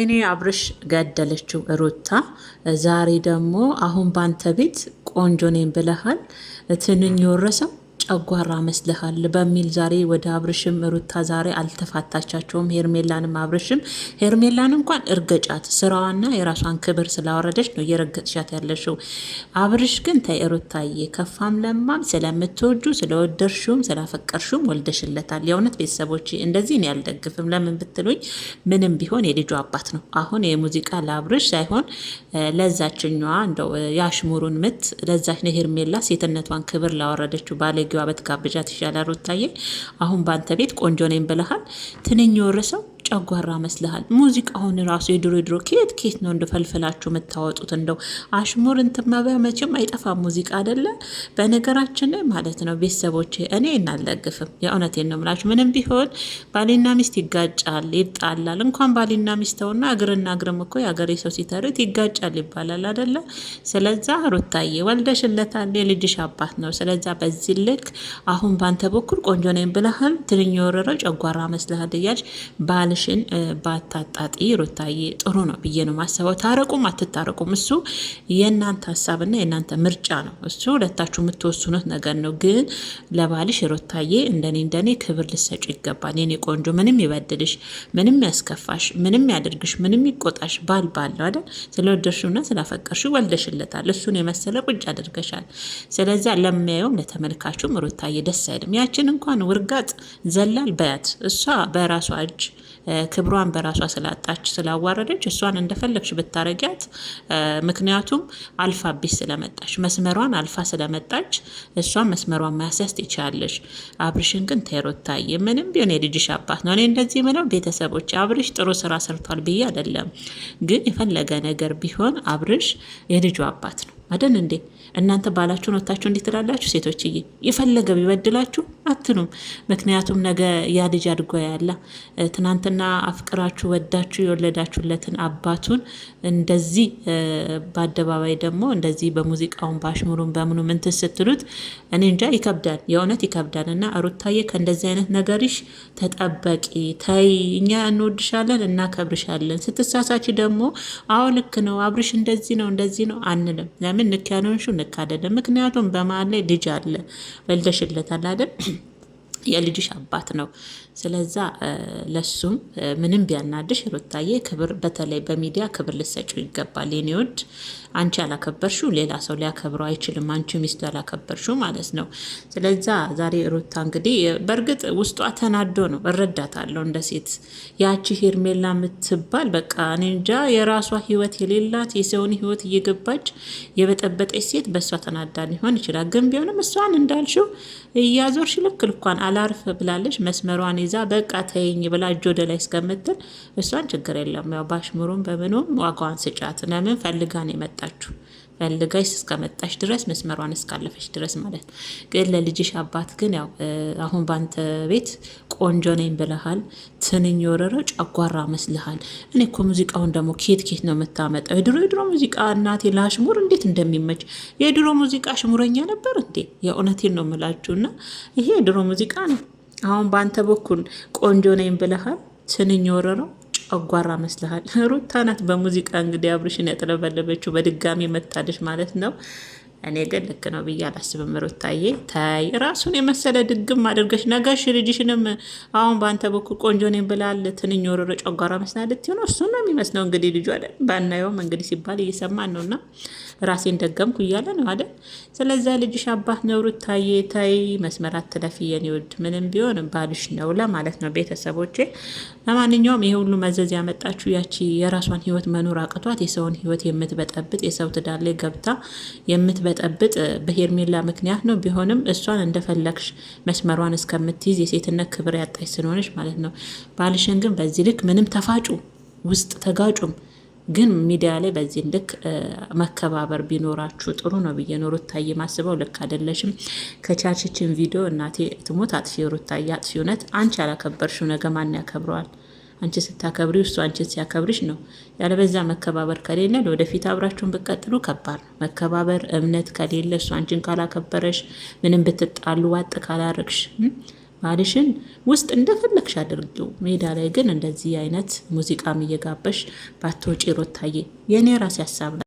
እኔ አብርሽ ገደለችው ሩታ። ዛሬ ደግሞ አሁን ባንተ ቤት ቆንጆ ነኝ ብለሃል። ትንኝ ወረሰው ጨጓራ መስልሃል በሚል ዛሬ ወደ አብርሽም ሩታ ዛሬ አልተፋታቻቸውም። ሄርሜላንም አብርሽም ሄርሜላን እንኳን እርገጫት ስራዋና የራሷን ክብር ስላወረደች ነው እየረገጥሻት ያለሽው። አብርሽ ግን ተይ ሩታዬ፣ ከፋም ለማም ስለምትወጁ ስለወደርሽውም ስላፈቀርሽውም ወልደሽለታል። የእውነት ቤተሰቦች እንደዚህ ነው ያልደግፍም። ለምን ብትሉኝ ምንም ቢሆን የልጁ አባት ነው። አሁን የሙዚቃ ለአብርሽ ሳይሆን ለዛችኛዋ እንደው ያሽሙሩን ምት ለዛች ነው ሄርሜላ ሴትነቷን ክብር ላወረደችው ባለ በቪዲዮ አበት ጋብዣት ይሻላል። ሩታዬ አሁን በአንተ ቤት ቆንጆ ነኝ ብለሃል። ትንኝ ወርሰው ጨጓራ መስልሃል። ሙዚቃውን ራሱ የድሮ ድሮ ኬት ኬት ነው እንደፈልፈላችሁ የምታወጡት። እንደው አሽሙር እንትመበያ መቼም አይጠፋም ሙዚቃ አደለ? በነገራችን ላይ ማለት ነው ቤተሰቦች፣ እኔ እናለግፍም የእውነቴን ነው የምላችሁ። ምንም ቢሆን ባሌና ሚስት ይጋጫል፣ ይጣላል። እንኳን ባሌና ሚስተውና እግርና እግርም እኮ የአገሬ ሰው ሲተርት ይጋጫል ይባላል አደለ? ስለዛ ሩታዬ ወልደሽለታል፣ የልጅሽ አባት ነው። ስለዛ በዚህ ልክ አሁን ባንተ በኩል ቆንጆ ነኝ ብለሃል፣ ትንኝ የወረረው ጨጓራ መስልሃል እያልሽ ባል ቃልሽን ባታጣጢ ሩታዬ ጥሩ ነው ብዬ ነው ማሰበው። ታረቁም አትታረቁም እሱ የእናንተ ሀሳብና የእናንተ ምርጫ ነው። እሱ ሁለታችሁ የምትወስኑት ነገር ነው። ግን ለባልሽ ሩታዬ እንደኔ እንደኔ ክብር ልሰጩ ይገባል። የኔ ቆንጆ ምንም ይበድልሽ፣ ምንም ያስከፋሽ፣ ምንም ያደርግሽ፣ ምንም ይቆጣሽ ባል ባል ነው አይደል? ስለወደድሽውና ስላፈቀርሽው ወልደሽለታል። እሱን የመሰለ ቁጭ አድርገሻል። ስለዚያ ለሚያየውም ለተመልካቹም ሩታዬ ደስ አይልም። ያችን እንኳን ውርጋጥ ዘላል በያት እሷ በራሷ እጅ ክብሯን በራሷ ስላጣች ስላዋረደች እሷን እንደፈለግሽ ብታረጊያት፣ ምክንያቱም አልፋ ቢስ ስለመጣች መስመሯን አልፋ ስለመጣች እሷን መስመሯን ማስያዝ ትችያለሽ። አብርሽን ግን ተይሮታየ ምንም ቢሆን የልጅሽ አባት ነው። እኔ እንደዚህ ምለው ቤተሰቦች አብርሽ ጥሩ ስራ ሰርቷል ብዬ አይደለም፣ ግን የፈለገ ነገር ቢሆን አብርሽ የልጁ አባት ነው። አደን እንዴ እናንተ ባላችሁን ወታችሁ እንዲህ ትላላችሁ? ሴቶችዬ የፈለገ ቢበድላችሁ አትኑም። ምክንያቱም ነገ ያ ልጅ አድጎ ያላ ትናንትና አፍቅራችሁ ወዳችሁ የወለዳችሁለትን አባቱን እንደዚህ በአደባባይ ደግሞ እንደዚህ በሙዚቃውን በአሽሙሩን በምኑ ምንትን ስትሉት እኔ እንጃ ይከብዳል፣ የእውነት ይከብዳል። እና ሩታዬ ከእንደዚህ አይነት ነገርሽ ተጠበቂ። ተይ እኛ እንወድሻለን፣ እናከብርሻለን። ስትሳሳች ደግሞ አዎ ልክ ነው አብርሽ እንደዚህ ነው እንደዚህ ነው አንልም። ለምን ምን ንክ ያልሆንሽው ንክ አይደለም። ምክንያቱም በመሀል ላይ ልጅ አለ ወልደሽለታል አይደል የልጅሽ አባት ነው። ስለዛ ለሱም ምንም ቢያናድሽ ሩታዬ ክብር፣ በተለይ በሚዲያ ክብር ልሰጩ ይገባል። የኔ አንቺ ያላከበርሽው ሌላ ሰው ሊያከብረው አይችልም። አንቺ ሚስቱ ያላከበርሽው ማለት ነው። ስለዛ ዛሬ ሩታ እንግዲህ በእርግጥ ውስጧ ተናዶ ነው፣ እረዳታለሁ። እንደ ሴት ያቺ ሄርሜላ የምትባል በቃ እኔ እንጃ የራሷ ህይወት የሌላት የሰውን ህይወት እየገባች የበጠበጠች ሴት በእሷ ተናዳ ሊሆን ይችላል። ግን ቢሆንም እሷን እንዳልሽው እያዞርሽ ልክ ልኳን አላርፍ ብላለች። መስመሯን ይዛ በቃ ተይኝ ብላ እጅ ወደ ላይ እስከምትል እሷን ችግር የለም ያው ባሽሙሩም በምኑም ዋጋዋን ስጫት። ለምን ፈልጋን የመጣችሁ ፈልገሽ እስከመጣሽ ድረስ መስመሯን እስካለፈች ድረስ ማለት ነው። ግን ለልጅሽ አባት ግን ያው አሁን ባንተ ቤት ቆንጆ ነኝ ብለሃል። ትንኝ ወረረ ጨጓራ መስልሃል። እኔ እኮ ሙዚቃውን ደግሞ ኬት ኬት ነው የምታመጣው? የድሮ የድሮ ሙዚቃ እናቴ ለአሽሙር እንዴት እንደሚመች የድሮ ሙዚቃ አሽሙረኛ ነበር እንዴ? የእውነቴን ነው የምላችሁ። እና ይሄ የድሮ ሙዚቃ ነው። አሁን በአንተ በኩል ቆንጆ ነኝ ብለሃል። ትንኝ ወረረው ጨጓራ መስልሃል? ሩታ ናት በሙዚቃ እንግዲህ አብርሽን ያጥለበለበችው በድጋሚ መታለች ማለት ነው። እኔ ግን ልክ ነው ብዬ አላስብም። ሩታዬ ታይ ራሱን የመሰለ ድግም አድርገሽ ነገሽ ልጅሽንም አሁን በአንተ በኩል ቆንጆ ነኝ ብላል ትንኝ ወረረ ጨጓራ መስና ልትሆነ እሱ ነው የሚመስለው። እንግዲህ ልጁ አለ ባናየውም እንግዲህ ሲባል እየሰማን ነው እና ራሴን ደገምኩ እያለ ነው አለ። ስለዛ ልጅሽ አባት ነው ሩታዬ ታይ መስመር አትለፊ የኔ ውድ፣ ምንም ቢሆን ባልሽ ነው ለማለት ነው ቤተሰቦቼ። ለማንኛውም ይሄ ሁሉ መዘዝ ያመጣችሁ ያቺ የራሷን ህይወት መኖር አቅቷት የሰውን ህይወት የምትበጠብጥ የሰው ትዳር ገብታ የምትበ ስትበጠብጥ በሄርሜላ ምክንያት ነው። ቢሆንም እሷን እንደፈለግሽ መስመሯን እስከምትይዝ የሴትነት ክብር ያጣች ስለሆነች ማለት ነው። ባልሽን ግን በዚህ ልክ ምንም ተፋጩ ውስጥ ተጋጩም ግን ሚዲያ ላይ በዚህ ልክ መከባበር ቢኖራችሁ ጥሩ ነው ብዬ ነው ሩታዬ ማስበው። ልክ አይደለሽም። ከቻችችን ቪዲዮ እናቴ ትሞት አጥፊ ሩታዬ አጥፊ። እውነት አንቺ ያላከበርሽው ነገ ማን ያከብረዋል? አንቺ ስታከብሪ እሱ አንቺን ሲያከብርሽ ነው። ያለበዛ መከባበር ከሌለ ለወደፊት አብራችሁን ብቀጥሉ ከባድ ነው። መከባበር እምነት ከሌለ እሱ አንቺን ካላከበረሽ፣ ምንም ብትጣሉ ዋጥ ካላረግሽ ባልሽን ውስጥ እንደፈለግሽ አድርጊው። ሜዳ ላይ ግን እንደዚህ አይነት ሙዚቃም እየጋበሽ ባትወጪ ሮታዬ የእኔ ራሴ ሀሳብ ነው።